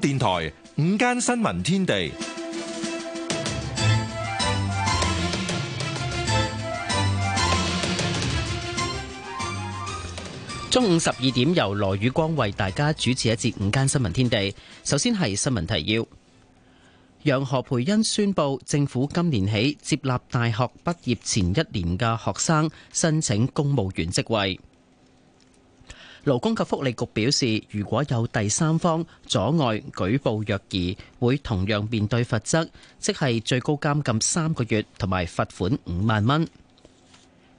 電台午間新聞天地，中午十二點由羅宇光為大家主持一節午間新聞天地。首先係新聞提要：楊何培恩宣布，政府今年起接納大學畢業前一年嘅學生申請公務員職位。勞工及福利局表示，如果有第三方阻礙舉報虐兒，會同樣面對罰則，即係最高監禁三個月，同埋罰款五萬蚊。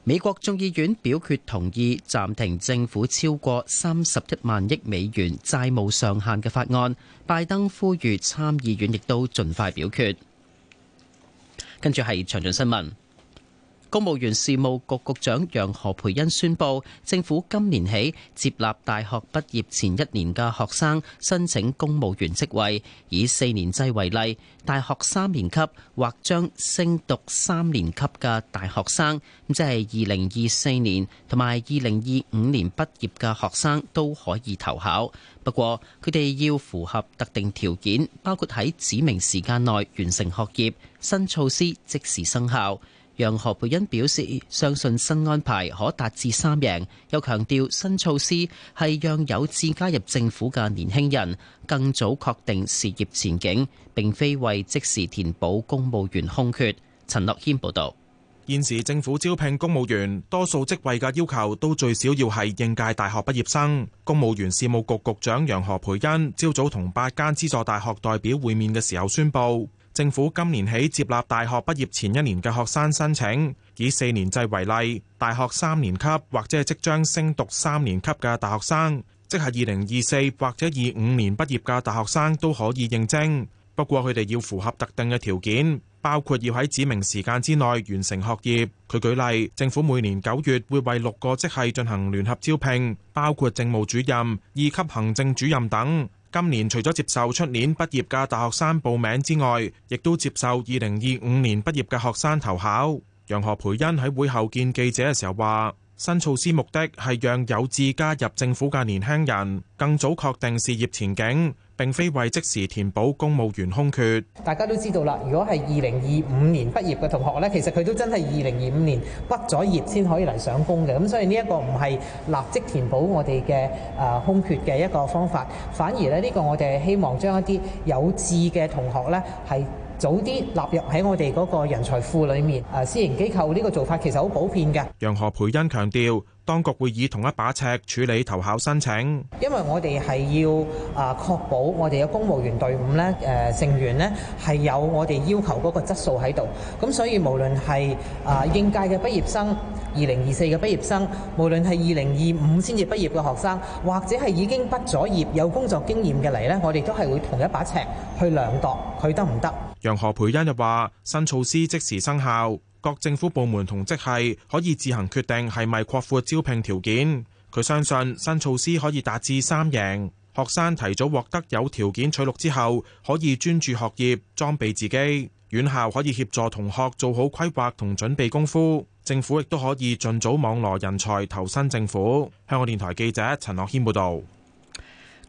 美國眾議院表決同意暫停政府超過三十一萬億美元債務上限嘅法案，拜登呼籲參議院亦都盡快表決。跟住係詳盡新聞。公務員事務局局長楊何培恩宣布，政府今年起接納大學畢業前一年嘅學生申請公務員職位，以四年制為例，大學三年級或將升讀三年級嘅大學生，即係二零二四年同埋二零二五年畢業嘅學生都可以投考。不過，佢哋要符合特定條件，包括喺指明時間內完成學業。新措施即時生效。楊何培恩表示相信新安排可達至三贏，又強調新措施係讓有志加入政府嘅年輕人更早確定事業前景，並非為即時填補公務員空缺。陳樂謙報道。現時政府招聘公務員，多數職位嘅要求都最少要係應屆大學畢業生。公務員事務局局,局長楊何培恩朝早同八間資助大學代表會面嘅時候宣布。政府今年起接納大學畢業前一年嘅學生申請，以四年制為例，大學三年級或者係即將升讀三年級嘅大學生，即係二零二四或者二五年畢業嘅大學生都可以應徵。不過佢哋要符合特定嘅條件，包括要喺指明時間之內完成學業。佢舉例，政府每年九月會為六個職系進行聯合招聘，包括政務主任、二級行政主任等。今年除咗接受出年畢業嘅大學生報名之外，亦都接受二零二五年畢業嘅學生投考。楊何培恩喺會後見記者嘅時候話，新措施目的係讓有志加入政府嘅年輕人更早確定事業前景，並非為即時填補公務員空缺。大家都知道啦，如果係二零二五年畢業嘅同學咧，其實佢都真係二零二五年畢咗業先可以嚟上工嘅。咁所以呢一個唔係立即填補我哋嘅誒空缺嘅一個方法，反而咧呢個我哋希望將一啲有志嘅同學咧係早啲納入喺我哋嗰個人才庫裏面。誒，私營機構呢個做法其實好普遍嘅。楊何蓓茵強調。當局會以同一把尺處理投考申請，因為我哋係要啊確保我哋嘅公務員隊伍咧誒成員咧係有我哋要求嗰個質素喺度，咁所以無論係啊應屆嘅畢業生、二零二四嘅畢業生，無論係二零二五先至畢業嘅學生，或者係已經畢咗業有工作經驗嘅嚟咧，我哋都係會同一把尺去量度佢得唔得。楊何蓓茵又話：新措施即時生效。各政府部門同職系可以自行決定係咪擴闊招聘條件。佢相信新措施可以達至三贏：學生提早獲得有條件取錄之後，可以專注學業，裝備自己；院校可以協助同學做好規劃同準備功夫；政府亦都可以盡早網羅人才投身政府。香港電台記者陳樂軒報導。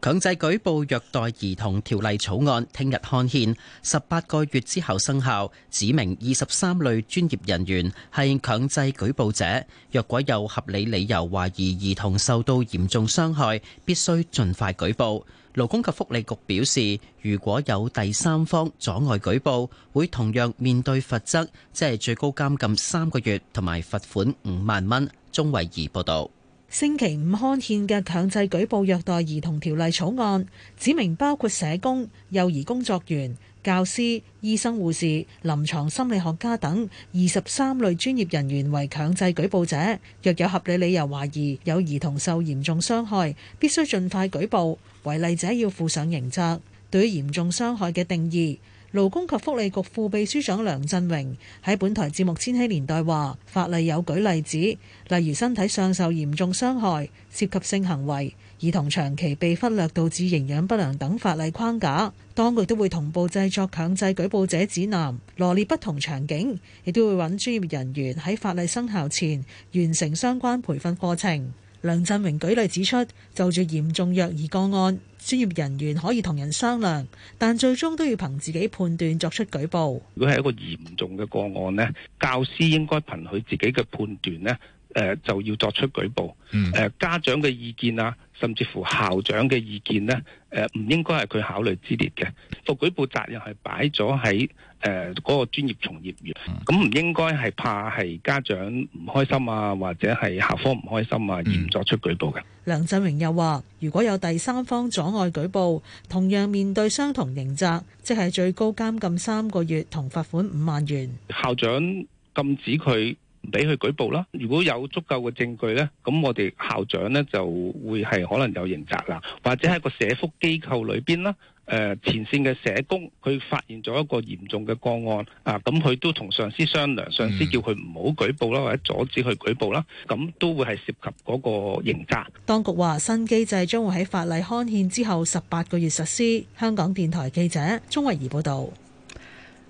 強制舉報虐待兒童條例草案聽日刊憲，十八個月之後生效，指明二十三類專業人員係強制舉報者，若果有合理理由懷疑兒童受到嚴重傷害，必須盡快舉報。勞工及福利局表示，如果有第三方阻礙舉報，會同樣面對罰則，即係最高監禁三個月同埋罰款五萬蚊。鍾偉儀報道。星期五刊憲嘅強制舉報虐待兒童條例草案，指明包括社工、幼兒工作員、教師、醫生、護士、臨床心理學家等二十三類專業人員為強制舉報者，若有合理理由懷疑有兒童受嚴重傷害，必須盡快舉報，違例者要負上刑責。對於嚴重傷害嘅定義。勞工及福利局副秘書長梁振榮喺本台節目《千禧年代》話，法例有舉例子，例如身體上受嚴重傷害、涉及性行為、兒童長期被忽略導致營養不良等法例框架，當局都會同步製作強制舉報者指南，羅列不同場景，亦都會揾專業人員喺法例生效前完成相關培訓課程。梁振榮舉例指出，就住嚴重虐兒個案，專業人員可以同人商量，但最終都要憑自己判斷作出舉報。如果係一個嚴重嘅個案呢，教師應該憑佢自己嘅判斷咧，誒、呃、就要作出舉報，誒、呃、家長嘅意見啊，甚至乎校長嘅意見咧，誒、呃、唔應該係佢考慮之列嘅，作舉報責任係擺咗喺誒嗰個專業從業員，咁唔應該係怕係家長唔開心啊，或者係校方唔開心啊而唔作出舉報嘅。嗯、梁振榮又話：如果有第三方阻礙舉報，同樣面對相同刑責，即係最高監禁三個月同罰款五萬元。校長禁止佢，唔俾佢舉報啦，如果有足夠嘅證據咧，咁我哋校長咧就會係可能有刑責啦，或者喺個社福機構裏邊啦，誒前線嘅社工佢發現咗一個嚴重嘅個案啊，咁佢都同上司商量，上司叫佢唔好舉報啦，或者阻止佢舉報啦，咁都會係涉及嗰個刑責。當局話新機制將會喺法例刊憲之後十八個月實施。香港電台記者鍾慧儀報道。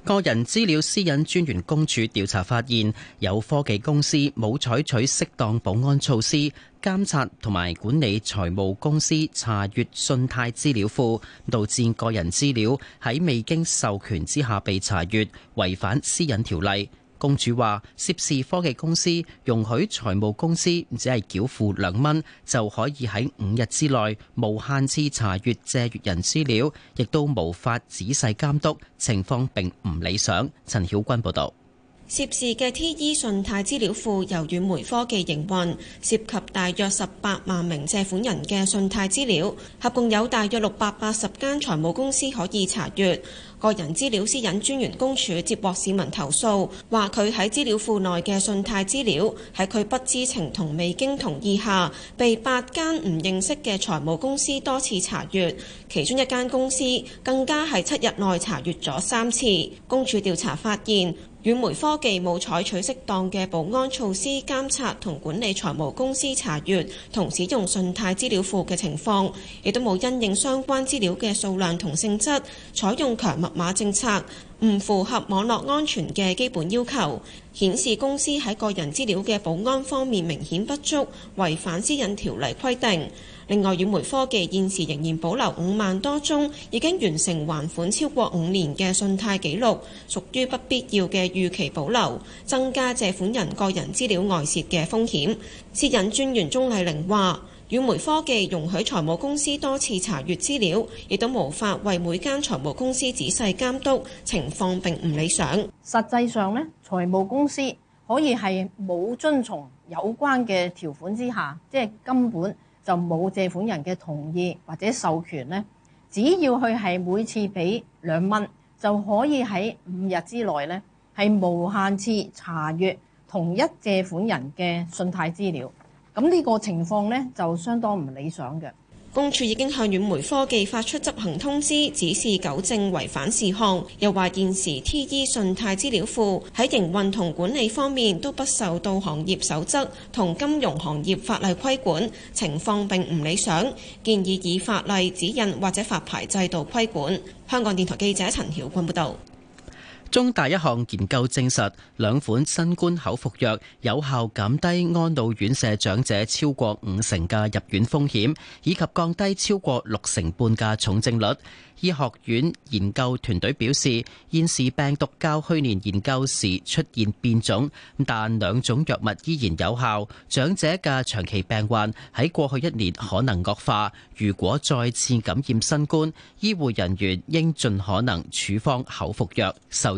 個人資料私隱專員公署調查發現，有科技公司冇採取適當保安措施監察同埋管理財務公司查閱信貸資料庫，導致個人資料喺未經授權之下被查閱，違反私隱條例。公主話：涉事科技公司容許財務公司只係繳付兩蚊就可以喺五日之內無限次查閲借閲人資料，亦都無法仔細監督，情況並唔理想。陳曉君報導，涉事嘅 TE 信貸資料庫由軟媒科技營運，涉及大約十八萬名借款人嘅信貸資料，合共有大約六百八十間財務公司可以查閲。個人資料私隱專員公署接獲市民投訴，話佢喺資料庫內嘅信貸資料喺佢不知情同未經同意下，被八間唔認識嘅財務公司多次查閱，其中一間公司更加喺七日內查閱咗三次。公署調查發現，軟媒科技冇採取適當嘅保安措施，監察同管理財務公司查閱同使用信貸資料庫嘅情況，亦都冇因應相關資料嘅數量同性質，採用強密碼政策。唔符合網絡安全嘅基本要求，顯示公司喺個人資料嘅保安方面明顯不足，違反私隱條例規定。另外，軟媒科技現時仍然保留五萬多宗已經完成還款超過五年嘅信貸紀錄，屬於不必要嘅預期保留，增加借款人個人資料外洩嘅風險。私隱專員鍾麗玲話。軟媒科技容許財務公司多次查閲資料，亦都無法為每間財務公司仔細監督，情況並唔理想。實際上咧，財務公司可以係冇遵從有關嘅條款之下，即係根本就冇借款人嘅同意或者授權咧，只要佢係每次俾兩蚊，就可以喺五日之內咧，係無限次查閲同一借款人嘅信貸資料。咁呢個情況呢，就相當唔理想嘅。公署已經向軟媒科技發出執行通知，指示糾正違反事項。又話現時 T E 信貸資料庫喺營運同管理方面都不受到行業守則同金融行業法例規管，情況並唔理想，建議以法例指引或者發牌制度規管。香港電台記者陳曉君報道。中大一項研究證實兩款新冠口服藥有效減低安老院舍長者超過五成嘅入院風險，以及降低超過六成半嘅重症率。醫學院研究團隊表示，現時病毒較去年研究時出現變種，但兩種藥物依然有效。長者嘅長期病患喺過去一年可能惡化，如果再次感染新冠，醫護人員應盡可能處方口服藥。受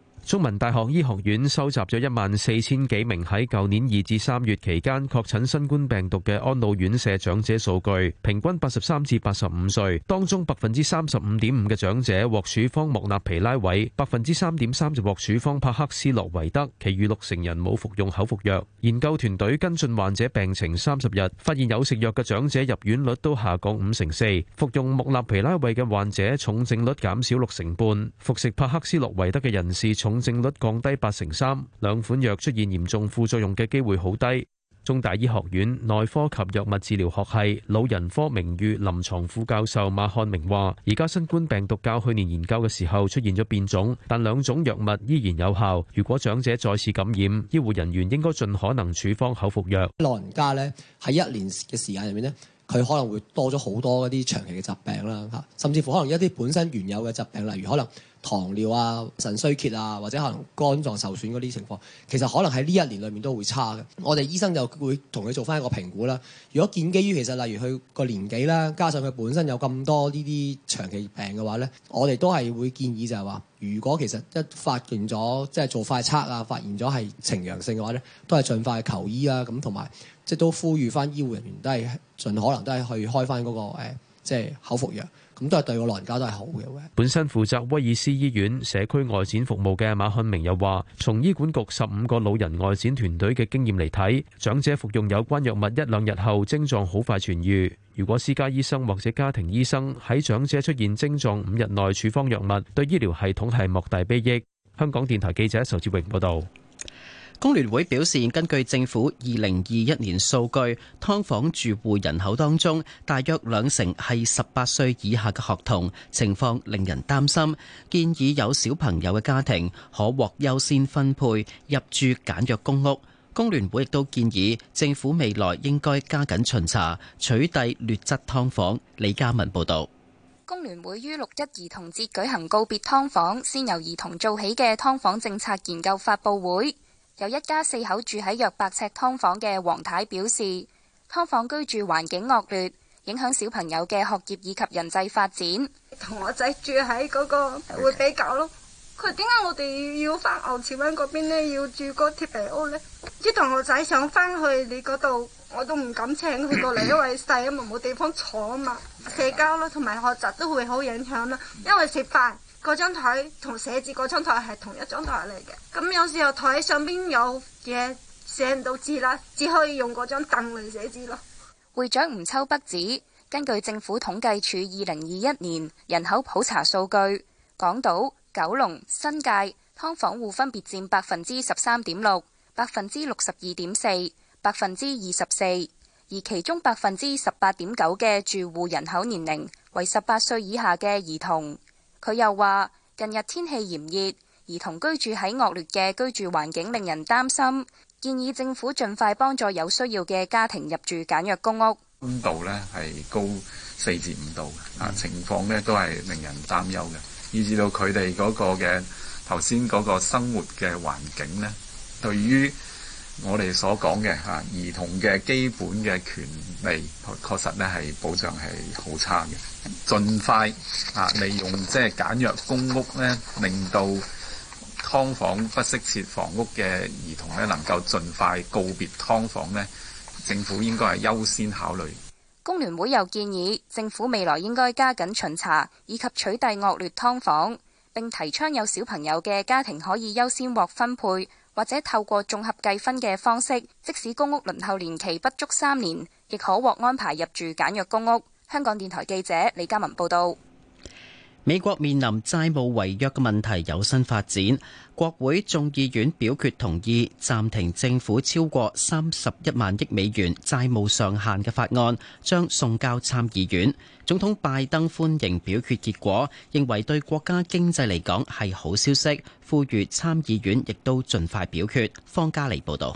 中文大學醫學院收集咗一萬四千幾名喺舊年二至三月期間確診新冠病毒嘅安老院舍長者數據，平均八十三至八十五歲，當中百分之三十五點五嘅長者獲處方莫納皮拉韋，百分之三點三就獲處方帕克斯洛維德，其餘六成人冇服用口服藥。研究團隊跟進患者病情三十日，發現有食藥嘅長者入院率都下降五成四，服用莫納皮拉韋嘅患者重症率減少六成半，服食帕克斯洛維德嘅人士重重症率降低八成三，兩款藥出現嚴重副作用嘅機會好低。中大醫學院內科及藥物治療學系老人科名譽臨牀副教授馬漢明話，而家新冠病毒較去年研究嘅時候出現咗變種，但兩種藥物依然有效。如果長者再次感染，醫護人員應該盡可能處方口服藥。老人家咧喺一年嘅時間入面咧，佢可能會多咗好多一啲長期嘅疾病啦，吓，甚至乎可能一啲本身原有嘅疾病，例如可能。糖尿啊、腎衰竭啊，或者可能肝臟受損嗰啲情況，其實可能喺呢一年裏面都會差嘅。我哋醫生就會同佢做翻一個評估啦。如果建基於其實，例如佢個年紀啦，加上佢本身有咁多呢啲長期病嘅話咧，我哋都係會建議就係話，如果其實一發現咗即係做快測啊，發現咗係呈陽性嘅話咧，都係盡快求醫啊。咁同埋即係都呼籲翻醫護人員都係盡可能都係去開翻、那、嗰個、呃、即係口服藥。咁都係對我老人家都係好嘅。本身負責威爾斯醫院社區外展服務嘅馬漢明又話，從醫管局十五個老人外展團隊嘅經驗嚟睇，長者服用有關藥物一兩日後症狀好快痊愈。如果私家醫生或者家庭醫生喺長者出現症狀五日內處方藥物，對醫療系統係莫大裨益。香港電台記者仇志榮報道。工聯會表示，根據政府二零二一年數據，劏房住戶人口當中，大約兩成係十八歲以下嘅學童，情況令人擔心。建議有小朋友嘅家庭可獲優先分配入住簡約公屋。工聯會亦都建議政府未來應該加緊巡查，取締劣質劏房。李嘉文報導。工聯會於六一兒童節舉行告別劏房，先由兒童做起嘅劏房政策研究發布會。有一家四口住喺約百尺劏房嘅黃太表示，劏房居住環境惡劣，影響小朋友嘅學業以及人際發展。同學仔住喺嗰個會比較咯，佢點解我哋要翻牛池灣嗰邊呢？要住個鐵皮屋呢？啲同學仔想翻去你嗰度，我都唔敢請佢過嚟， 因為細啊嘛，冇地方坐啊嘛，社交咯，同埋學習都會好影響啦，因為食飯。嗰張台同寫字嗰張台係同一張台嚟嘅。咁有時候台上邊有嘢，寫唔到字啦，只可以用嗰張凳嚟寫字咯。會長吳秋北指，根據政府統計處二零二一年人口普查數據，港島、九龍、新界劏房戶分別佔百分之十三點六、百分之六十二點四、百分之二十四，而其中百分之十八點九嘅住戶人口年齡為十八歲以下嘅兒童。佢又話：近日天氣炎熱，兒童居住喺惡劣嘅居住環境，令人擔心。建議政府盡快幫助有需要嘅家庭入住簡約公屋。溫度呢係高四至五度，啊情況呢都係令人擔憂嘅，以至到佢哋嗰個嘅頭先嗰個生活嘅環境呢，對於。我哋所講嘅嚇、啊、兒童嘅基本嘅權利，確實咧係保障係好差嘅。盡快啊，利用即係、就是、簡約公屋呢，令到劏房不適切房屋嘅兒童呢，能夠盡快告別劏房呢，政府應該係優先考慮。工聯會又建議政府未來應該加緊巡查，以及取締惡劣劏房，並提倡有小朋友嘅家庭可以優先獲分配。或者透過綜合計分嘅方式，即使公屋輪候年期不足三年，亦可獲安排入住簡約公屋。香港電台記者李嘉文報道。美國面臨債務違約嘅問題有新發展，國會眾議院表決同意暫停政府超過三十一萬億美元債務上限嘅法案，將送交參議院。總統拜登歡迎表決結果，認為對國家經濟嚟講係好消息，呼籲參議院亦都盡快表決。方嘉莉報導，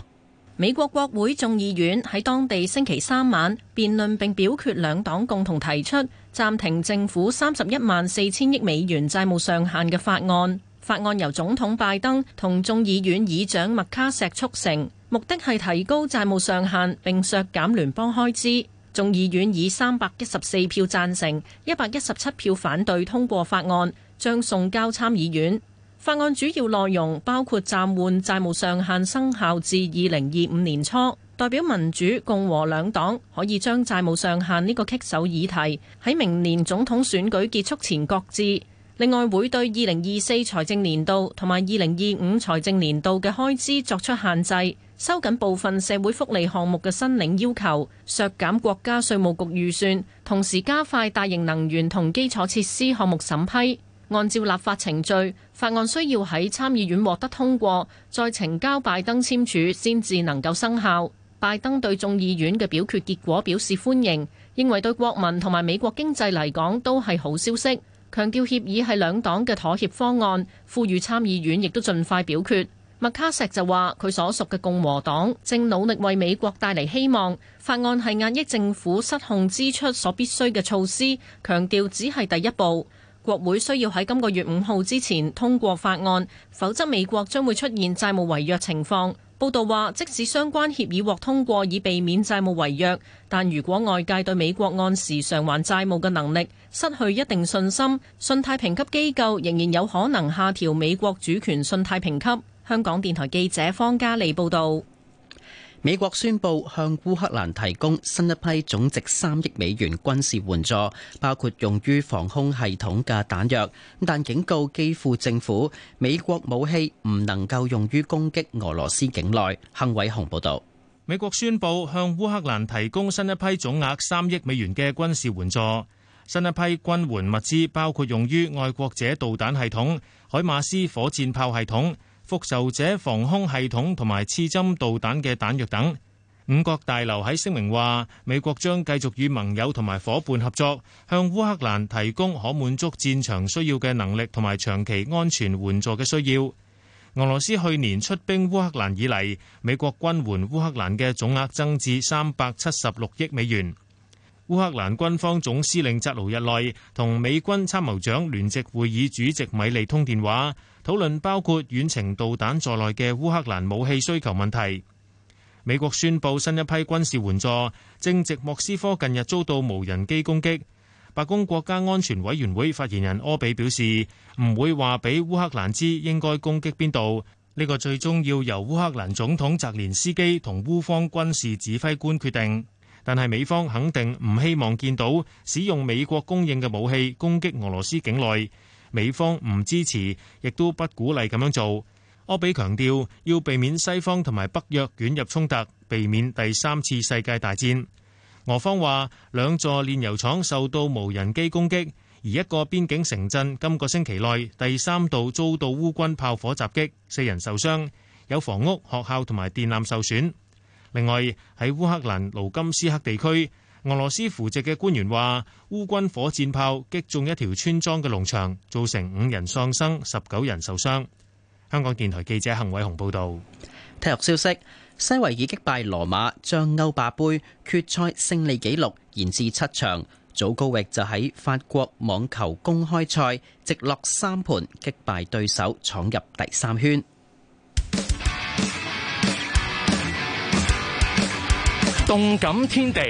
美國國會眾議院喺當地星期三晚辯論並表決兩黨共同提出，暫停政府三十一萬四千億美元債務上限嘅法案，法案由總統拜登同眾議院議長麥卡錫促成，目的係提高債務上限並削減聯邦開支。眾議院以三百一十四票贊成、一百一十七票反對通過法案，將送交參議院。法案主要內容包括暫緩債務上限生效至二零二五年初。代表民主共和兩黨可以將債務上限呢個棘手議題喺明年總統選舉結束前擱置。另外，會對二零二四財政年度同埋二零二五財政年度嘅開支作出限制，收緊部分社會福利項目嘅申領要求，削減國家稅務局預算，同時加快大型能源同基礎設施項目審批。按照立法程序，法案需要喺參議院獲得通過，再呈交拜登簽署先至能夠生效。拜登對眾議院嘅表決結果表示歡迎，認為對國民同埋美國經濟嚟講都係好消息。強調協議係兩黨嘅妥協方案，呼籲參議院亦都儘快表決。麥卡錫就話，佢所屬嘅共和黨正努力為美國帶嚟希望，法案係壓抑政府失控支出所必須嘅措施，強調只係第一步。國會需要喺今個月五號之前通過法案，否則美國將會出現債務違約情況。報道話，即使相關協議獲通過以避免債務違約，但如果外界對美國按時償還債務嘅能力失去一定信心，信貸評級機構仍然有可能下調美國主權信貸評級。香港電台記者方嘉莉報導。美國宣布向烏克蘭提供新一批總值三億美元軍事援助，包括用於防空系統嘅彈藥，但警告基輔政府，美國武器唔能夠用於攻擊俄羅斯境內。幸偉雄報道。美國宣布向烏克蘭提供新一批總額三億美元嘅軍事援助，新一批軍援物資包括用於愛國者導彈系統、海馬斯火箭炮系統復仇者防空系統同埋刺針導彈嘅彈藥等，五角大樓喺聲明話：美國將繼續與盟友同埋伙伴合作，向烏克蘭提供可滿足戰場需要嘅能力同埋長期安全援助嘅需要。俄羅斯去年出兵烏克蘭以嚟，美國軍援烏克蘭嘅總額增至三百七十六億美元。烏克蘭軍方總司令扎盧日內同美軍參謀長聯席會議主席米利通電話，討論包括遠程導彈在內嘅烏克蘭武器需求問題。美國宣布新一批軍事援助，正值莫斯科近日遭到無人機攻擊。白宮國家安全委員會發言人柯比表示，唔會話俾烏克蘭知應該攻擊邊度，呢個最終要由烏克蘭總統澤連斯基同烏方軍事指揮官決定。但係美方肯定唔希望見到使用美國供應嘅武器攻擊俄羅斯境內，美方唔支持，亦都不鼓勵咁樣做。柯比強調要避免西方同埋北約捲入衝突，避免第三次世界大戰。俄方話兩座煉油廠受到無人機攻擊，而一個邊境城鎮今個星期內第三度遭到烏軍炮火襲擊，四人受傷，有房屋、學校同埋電纜受損。另外喺烏克蘭盧甘斯克地區，俄羅斯扶植嘅官員話，烏軍火箭炮擊中一條村莊嘅農場，造成五人喪生，十九人受傷。香港電台記者幸偉雄報道。體育消息：西維爾擊敗羅馬，將歐霸盃決賽勝利紀錄延至七場。早高域就喺法國網球公開賽直落三盤擊敗對手，闖入第三圈。動感天地。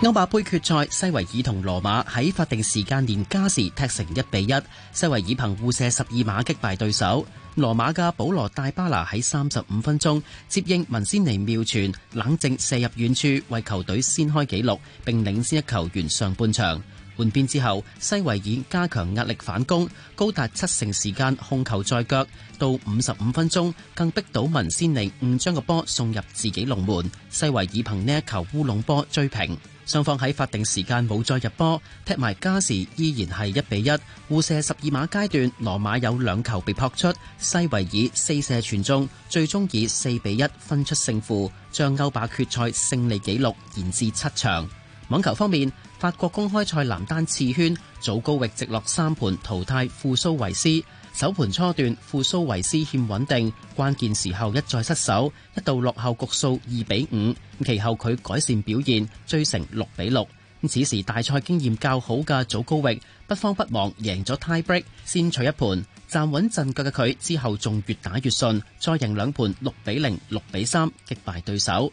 歐霸杯決賽，西維爾同羅馬喺法定時間連加時踢成一比一。西維爾憑互射十二碼擊敗對手。羅馬嘅保羅戴巴拿喺三十五分鐘接應文仙尼妙傳，冷靜射入遠處，為球隊先開紀錄，並領先一球員上半場。換邊之後，西維爾加強壓力反攻，高達七成時間控球在腳。到五十五分鐘，更逼到文先尼誤將個波送入自己龍門。西維爾憑呢一球烏龍波追平。雙方喺法定時間冇再入波，踢埋加時依然係一比一。互射十二碼階段，羅馬有兩球被撲出，西維爾四射全中，最終以四比一分出勝負，將歐霸決賽勝利紀錄延至七場。網球方面，法國公開賽男單次圈，祖高域直落三盤淘汰富蘇維斯。首盤初段，富蘇維斯欠穩定，關鍵時候一再失手，一度落後局數二比五。其後佢改善表現，追成六比六。此時大賽經驗較好嘅祖高域不慌不忙贏咗泰碧，先取一盤，站穩陣腳嘅佢之後仲越打越順，再贏兩盤六比零、六比三擊敗對手。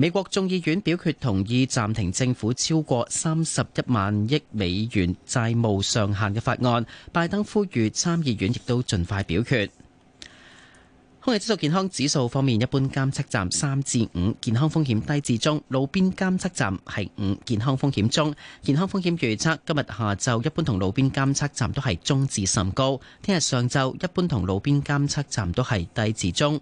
美國眾議院表決同意暫停政府超過三十一萬億美元債務上限嘅法案，拜登呼籲參議院亦都盡快表決。空氣質素健康指數方面，一般監測站三至五，健康風險低至中；路邊監測站係五，健康風險中。健康風險預測今日下晝一般同路邊監測站都係中至甚高，聽日上晝一般同路邊監測站都係低至中。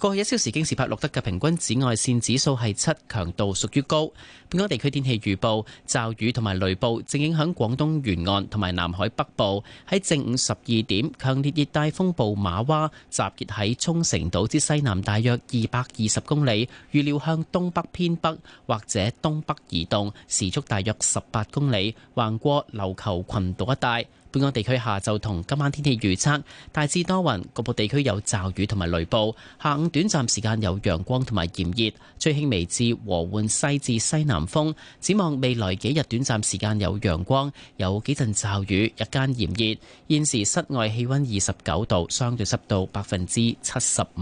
過去一小時京士柏錄得嘅平均紫外線指數係七，強度屬於高。本港地區天氣預報，驟雨同埋雷暴正影響廣東沿岸同埋南海北部。喺正午十二點，強烈熱帶風暴瑪娃集結喺沖繩島之西南大約二百二十公里，預料向東北偏北或者東北移動，時速大約十八公里，橫過琉球群島一帶。本港地區下晝同今晚天氣預測，大致多雲，局部地區有驟雨同埋雷暴。下午短暫時間有陽光同埋炎熱，吹輕微至和緩西至西南風。展望未來幾日，短暫時間有陽光，有幾陣驟雨，日間炎熱。現時室外氣溫二十九度，相對濕度百分之七十五。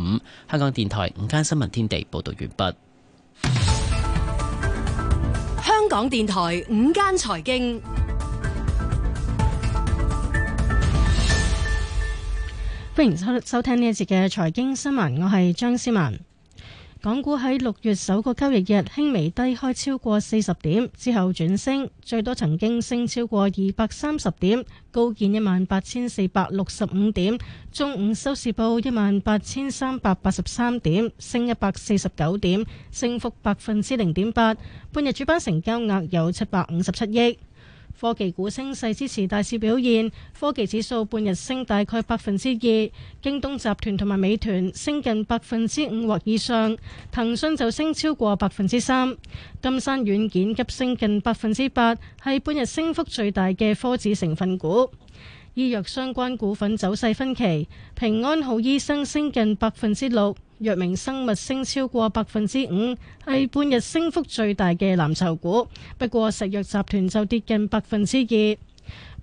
香港電台午間新聞天地報道完畢。香港電台午間財經。歡迎收收聽呢一節嘅財經新聞，我係張思文。港股喺六月首個交易日輕微低開超過四十點之後轉升，最多曾經升超過二百三十點，高見一萬八千四百六十五點。中午收市報一萬八千三百八十三點，升一百四十九點，升幅百分之零點八。半日主板成交額有七百五十七億。科技股升勢支持大市表現，科技指數半日升大概百分之二，京東集團同埋美團升近百分之五或以上，騰訊就升超過百分之三，金山軟件急升近百分之八，係半日升幅最大嘅科指成分股。醫藥相關股份走勢分歧，平安好醫生升近百分之六，藥明生物升超過百分之五，係半日升幅最大嘅藍籌股。不過食藥集團就跌近百分之二，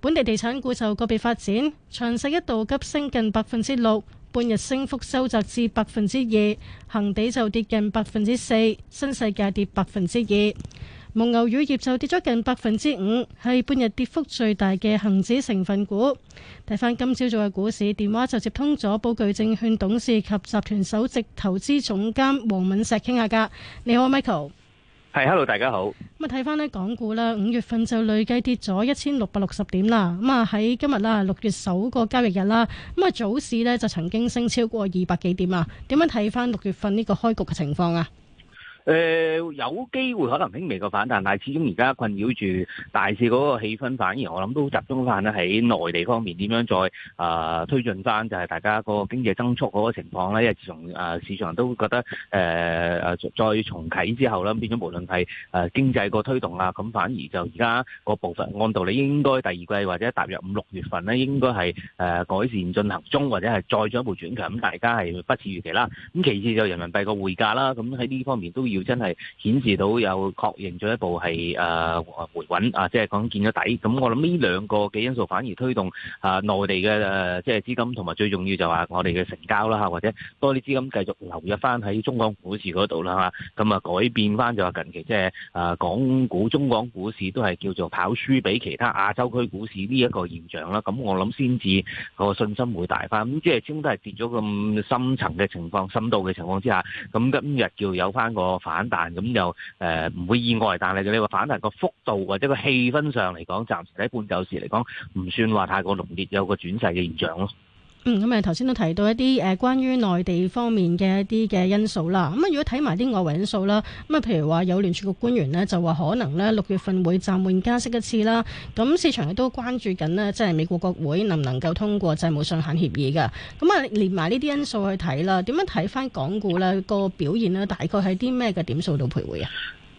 本地地產股就個別發展，長實一度急升近百分之六，半日升幅收窄至百分之二，恒地就跌近百分之四，新世界跌百分之二。蒙牛乳業就跌咗近百分之五，係半日跌幅最大嘅恒指成分股。睇翻今朝早嘅股市，電話就接通咗，寶鉅證券董事及集團首席投資總監黃敏石傾下㗎。你好，Michael。係，Hello，大家好。咁啊，睇翻呢港股啦，五月份就累計跌咗一千六百六十點啦。咁啊，喺今日啦，六月首個交易日啦，咁啊，早市呢就曾經升超過二百幾點啊？點樣睇翻六月份呢個開局嘅情況啊？誒、呃、有機會可能輕微個反彈，但係始終而家困擾住大市嗰個氣氛，反而我諗都集中翻咧喺內地方面點樣再啊、呃、推進翻，就係大家個經濟增速嗰個情況咧。因為自從啊、呃、市場都覺得誒誒、呃、再重啟之後咧，變咗無論係誒經濟個推動啊，咁反而就而家個部分按道理應該第二季或者大約五六月份咧，應該係誒改善進行中，或者係再進一步轉強，咁大家係不似預期啦。咁其次就人民幣個匯價啦，咁喺呢方面都要。要真係顯示到有確認咗一步係誒、呃、回穩啊，即係講見咗底。咁、嗯、我諗呢兩個嘅因素反而推動啊內地嘅、啊、即係資金同埋最重要就話我哋嘅成交啦嚇，或者多啲資金繼續流入翻喺中港股市嗰度啦嚇。咁啊改變翻就近期即係誒港股、中港股市都係叫做跑輸俾其他亞洲區股市呢一個現象啦。咁、啊嗯、我諗先至個信心會大翻。咁、嗯、即係始都係跌咗咁深層嘅情況、深度嘅情況之下，咁、嗯、今日叫有翻個反彈咁又誒唔會意外，但係你話反彈個幅度或者個氣氛上嚟講，暫時喺半晝時嚟講，唔算話太過濃烈，有個轉勢嘅現象咯。嗯，咁啊，頭先都提到一啲誒，關於內地方面嘅一啲嘅因素啦。咁、嗯、啊，如果睇埋啲外圍因素啦，咁啊，譬如話有聯儲局官員呢，就話可能呢六月份會暫緩加息一次啦。咁市場亦都關注緊呢，即係美國國會能唔能夠通過債務上限協議噶。咁、嗯、啊，連埋呢啲因素去睇啦，點樣睇翻港股呢個表現呢？大概係啲咩嘅點數度徘徊啊？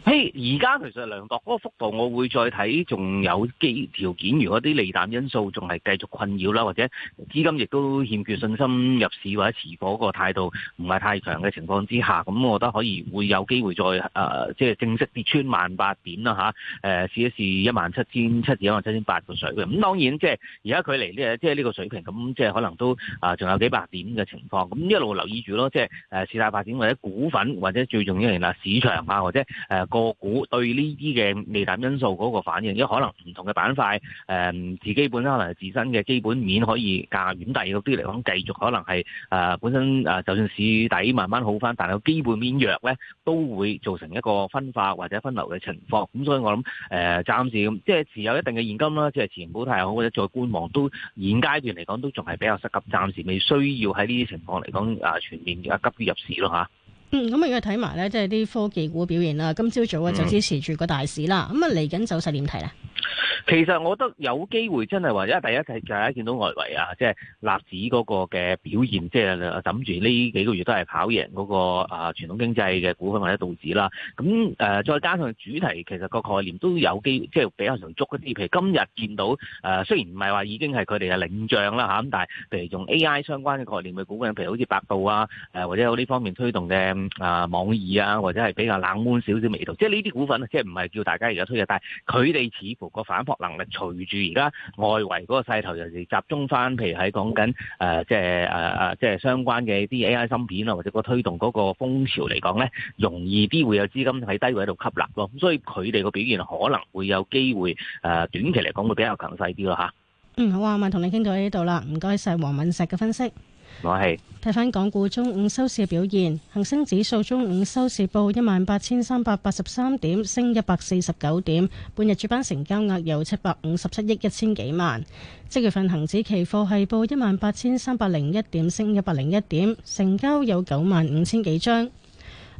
嘿，而家、hey, 其實量度嗰個幅度，我會再睇，仲有機條件，如果啲利淡因素仲係繼續困擾啦，或者資金亦都欠缺信心入市或者持貨，嗰個態度唔係太強嘅情況之下，咁我覺得可以會有機會再誒即係正式跌穿萬八點啦嚇，誒、呃、試一試一萬七千七至一萬七千八個水嘅。咁當然即係而家距離呢、呢個、即係呢個水平，咁即係可能都啊仲有幾百點嘅情況。咁一路留意住咯，即係誒事態發展或者股份或者最重要係啦市場啊或者誒。呃個股對呢啲嘅利淡因素嗰個反應，因為可能唔同嘅板塊，誒、呃，自己本身可能自身嘅基本面可以價遠大，亦啲嚟講繼續可能係誒、呃、本身誒、呃，就算市底慢慢好返，但係個基本面弱咧，都會造成一個分化或者分流嘅情況。咁、嗯、所以我諗誒，暫、呃、時即係持有一定嘅現金啦，即係前唔太好，或者再觀望。現都現階段嚟講，都仲係比較適合暫時未需要喺呢啲情況嚟講誒，全面啊急於入市咯吓。啊嗯，咁啊要睇埋咧，即係啲科技股表現啦。今朝早啊就支持住個大市啦。咁啊嚟緊走勢點睇咧？其實我覺得有機會真係話，因為第一係就係見到外圍啊，即係納指嗰個嘅表現，即係諗住呢幾個月都係跑贏嗰個啊傳統經濟嘅股份或者道指啦。咁誒再加上主題，其實個概念都有機，即係比較常足一啲。譬如今日見到誒，雖然唔係話已經係佢哋嘅領漲啦吓，咁但係譬如用 A I 相關嘅概念嘅股份，譬如好似百度啊，誒或者有呢方面推動嘅。嗯啊，網易啊，或者係比較冷門少少味道，即係呢啲股份，即係唔係叫大家而家推嘅，但係佢哋似乎個反撲能力，隨住而家外圍嗰個勢頭又集中翻，譬如喺講緊誒，即係誒誒，即係相關嘅啲 AI 芯片啊，或者個推動嗰個風潮嚟講咧，容易啲會有資金喺低位度吸納咯，咁所以佢哋個表現可能會有機會誒、呃、短期嚟講會比較強勢啲咯嚇。嗯，好啊，文同你傾到呢度啦，唔該晒黃敏石嘅分析。我係睇翻港股中午收市嘅表現，恒生指數中午收市報一萬八千三百八十三點，升一百四十九點，半日主板成交額有七百五十七億一千幾萬。即月份恒指期貨係報一萬八千三百零一點，升一百零一點，成交有九萬五千幾張。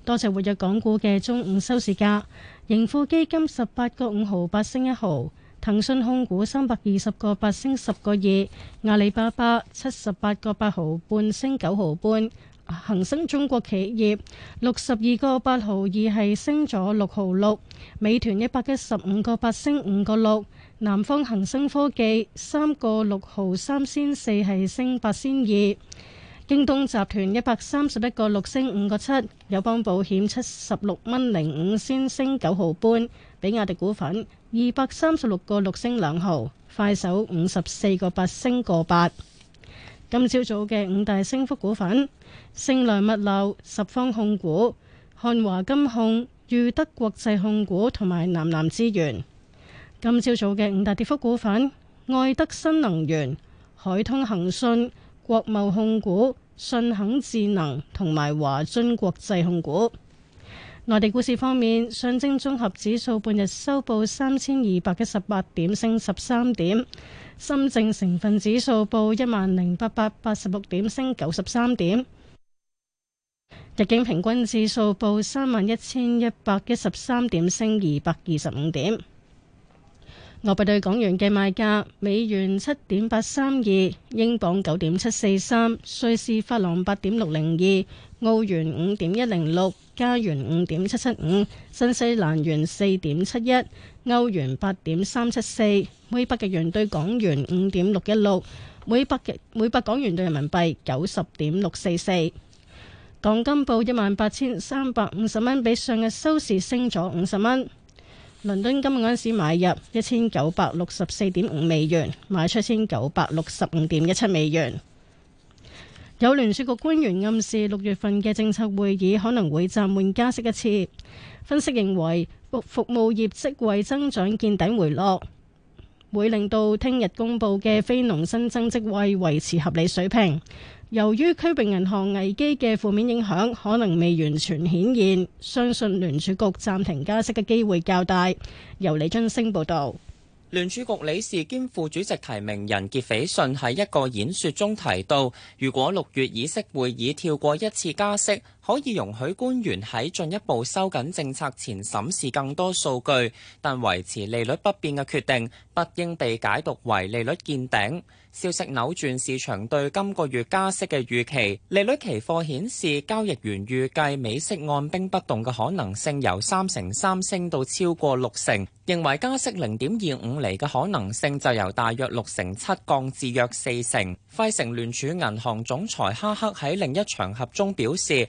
多隻活躍港股嘅中午收市價，盈富基金十八個五毫八升一毫。騰訊控股三百二十個八升十個二，阿里巴巴七十八個八毫半升九毫半，恒生中國企業六十二個八毫二係升咗六毫六，美團一百一十五個八升五個六，南方恒生科技三個六毫三先四係升八先二，京東集團一百三十一個六升五個七，友邦保險七十六蚊零五先升九毫半，比亞迪股份。二百三十六個六升兩毫，快手五十四個八升個八。今朝早嘅五大升幅股份：盛良物流、十方控股、漢華金控、裕德國際控股同埋南南資源。今朝早嘅五大跌幅股份：愛德新能源、海通恒信、國貿控股、信懇智能同埋華津國際控股。內地股市方面，上證綜合指數半日收報三千二百一十八點，升十三點；深證成分指數報一萬零八百八十六點，升九十三點；日經平均指數報三萬一千一百一十三點，升二百二十五點。外幣對港元嘅賣價：美元七點八三二，英鎊九點七四三，瑞士法郎八點六零二，澳元五點一零六，加元五點七七五，新西蘭元四點七一，歐元八點三七四，每百嘅元對港元五點六一六，每百嘅每百港元對人民幣九十點六四四。港金報一萬八千三百五十蚊，比上日收市升咗五十蚊。倫敦今日嗰陣時買入一千九百六十四點五美元，賣出千九百六十五點一七美元。有聯儲局官員暗示六月份嘅政策會議可能會暫緩加息一次。分析認為服服務業職位增長見底回落，會令到聽日公佈嘅非農新增職位維持合理水平。由於區域銀行危機嘅負面影響可能未完全顯現，相信聯儲局暫停加息嘅機會較大。由李津升報道，聯儲局理事兼副主席提名人傑斐遜喺一個演說中提到，如果六月議息會議跳過一次加息。可以容許官員喺進一步收緊政策前審視更多數據，但維持利率不變嘅決定，不應被解讀為利率見頂。消息扭轉市場對今個月加息嘅預期，利率期貨顯示交易員預計美息按兵不動嘅可能性由三成三升到超過六成，認為加息零點二五厘嘅可能性就由大約六成七降至約四成。費城聯儲銀行總裁哈克喺另一場合中表示。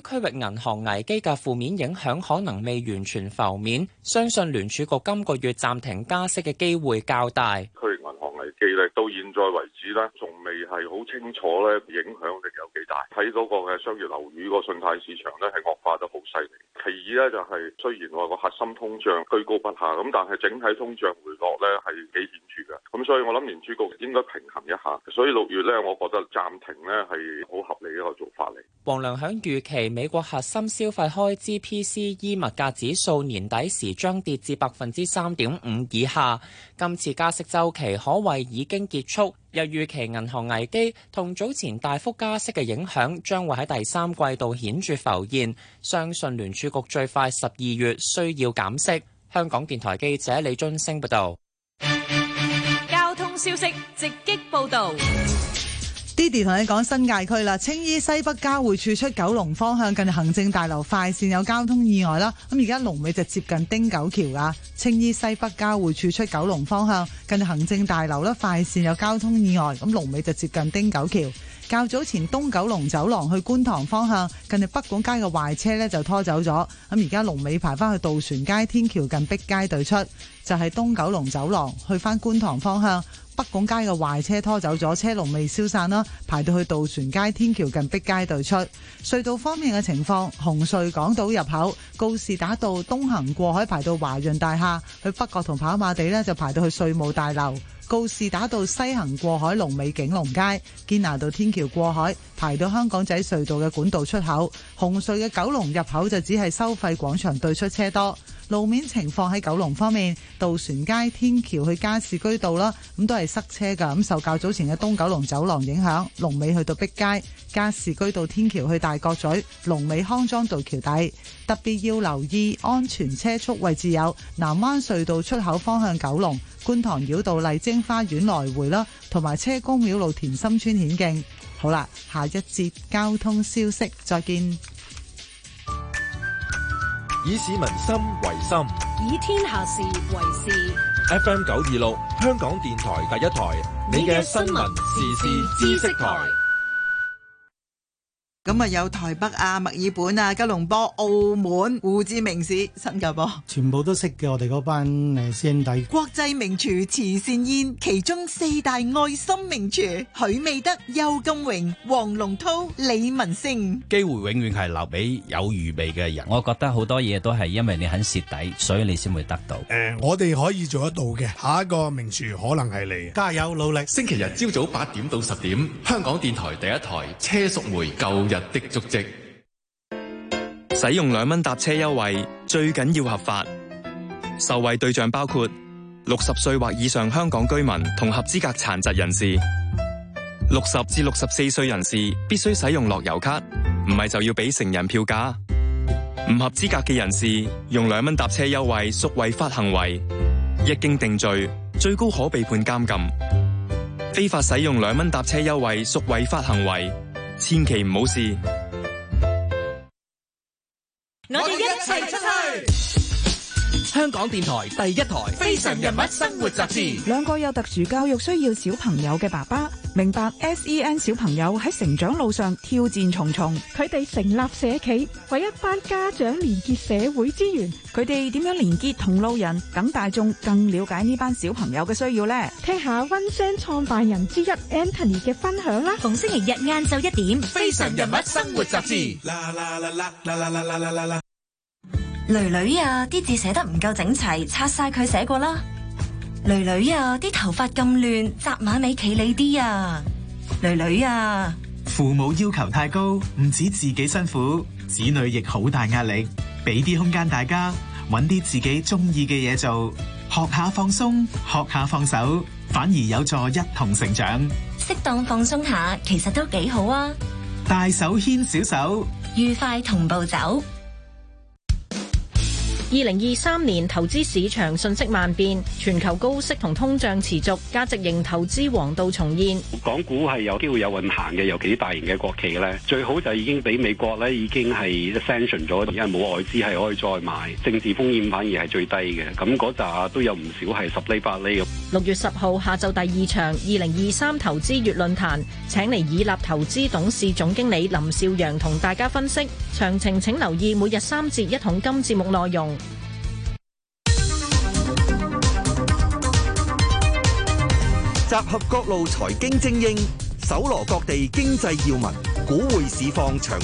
區域銀行危機嘅負面影響可能未完全浮面，相信聯儲局今個月暫停加息嘅機會較大。記憶到現在為止咧，仲未係好清楚咧，影響力有幾大？睇嗰個嘅商業樓宇個信貸市場咧，係惡化得好犀利。其二咧，就係雖然我話個核心通脹居高不下，咁但係整體通脹回落咧係幾顯著嘅。咁所以我諗聯儲局應該平衡一下。所以六月咧，我覺得暫停呢係好合理一個做法嚟。黃良響預期美國核心消費開支 PCE 物價指數年底時將跌至百分之三點五以下。今次加息週期可謂已經結束，又預期銀行危機同早前大幅加息嘅影響將會喺第三季度顯著浮現，相信聯儲局最快十二月需要減息。香港電台記者李津升報導。交通消息直擊報導。Didi 同你講新界區啦，青衣西北交匯處出九龍方向近行政大樓快線有交通意外啦，咁而家龍尾就接近丁九橋噶。青衣西北交匯處出九龍方向近行政大樓啦，快線有交通意外，咁龍尾就接近丁九橋。較早前東九龍走廊去觀塘方向近北管街嘅壞車呢就拖走咗，咁而家龍尾排翻去渡船街天橋近碧街對出，就係東九龍走廊去翻觀塘方向。北港街嘅壞車拖走咗，車龍未消散啦，排到去渡船街天橋近碧街對出。隧道方面嘅情況，紅隧港島入口、告士打道東行過海排到華潤大廈，去北角同跑馬地呢，就排到去稅務大樓。告士打道西行過海龍尾景龍街、堅拿道天橋過海排到香港仔隧道嘅管道出口，紅隧嘅九龍入口就只係收費廣場對出車多。路面情況喺九龍方面，渡船街天橋去加士居道啦，咁都係塞車噶，咁受較早前嘅東九龍走廊影響。龍尾去到碧街，加士居道天橋去大角咀，龍尾康莊道橋底。特別要留意安全車速位置，有南灣隧道出口方向九龍。觀塘繞道麗晶花園來回啦，同埋車公廟路田心村顯徑。好啦，下一節交通消息，再見。以市民心為心，以天下事為事。FM 九二六，香港電台第一台，你嘅新聞時事知識台。咁啊，有台北啊、墨爾本啊、吉隆坡、澳門、胡志明市、新加坡， 全部都識嘅。我哋嗰班誒師兄弟，呃、國際名廚慈善宴，其中四大愛心名廚：許美德、邱金榮、黃龍濤、李文勝。機會永遠係留俾有預備嘅人。我覺得好多嘢都係因為你肯蝕底，所以你先會得到。誒、呃，我哋可以做得到嘅。下一個名廚可能係你，加油努力！星期日朝早八點到十點，香港電台第一台車淑梅舊。 日的足跡，使用兩蚊搭車優惠最緊要合法，受惠對象包括六十歲或以上香港居民同合資格殘疾人士。六十至六十四歲人士必須使用樂悠卡，唔係就要俾成人票價。唔合資格嘅人士用兩蚊搭車優惠屬違法行為，一經定罪，最高可被判監禁。非法使用兩蚊搭車優惠屬違法行為。千祈唔好試。香港電台第一台《非常人物生活雜誌》，兩個有特殊教育需要小朋友嘅爸爸，明白 SEN 小朋友喺成長路上挑戰重重，佢哋成立社企，為一班家長連結社會資源。佢哋點樣連結同路人，等大眾更了解呢班小朋友嘅需要呢？聽下溫商創辦人之一 Anthony 嘅分享啦！逢星期日晏晝一點，《非常人物生活雜誌》啦。啦啦啦啦啦啦囡囡啊，啲字寫得唔夠整齊，拆晒佢寫過啦。囡囡啊，啲頭髮咁亂，紮馬尾企理啲啊。囡囡啊，父母要求太高，唔止自己辛苦，子女亦好大壓力。俾啲空間大家，揾啲自己中意嘅嘢做，學下放鬆，學下放手，反而有助一同成長。適當放鬆下，其實都幾好啊。大手牽小手，愉快同步走。二零二三年投資市場信息萬變，全球高息同通脹持續，價值型投資黃道重現。港股係有機會有運行嘅，尤其啲大型嘅國企咧，最好就已經俾美國咧已經係 sanction 咗，而家冇外資係可以再買，政治風險反而係最低嘅。咁嗰扎都有唔少係十厘八厘。六月十號下晝第二場二零二三投資月論壇，請嚟以立投資董事總經理林少陽同大家分析詳情。請留意每日三節一桶金節目內容。集合各路財經精英，搜羅各地經濟要聞，股匯市況詳。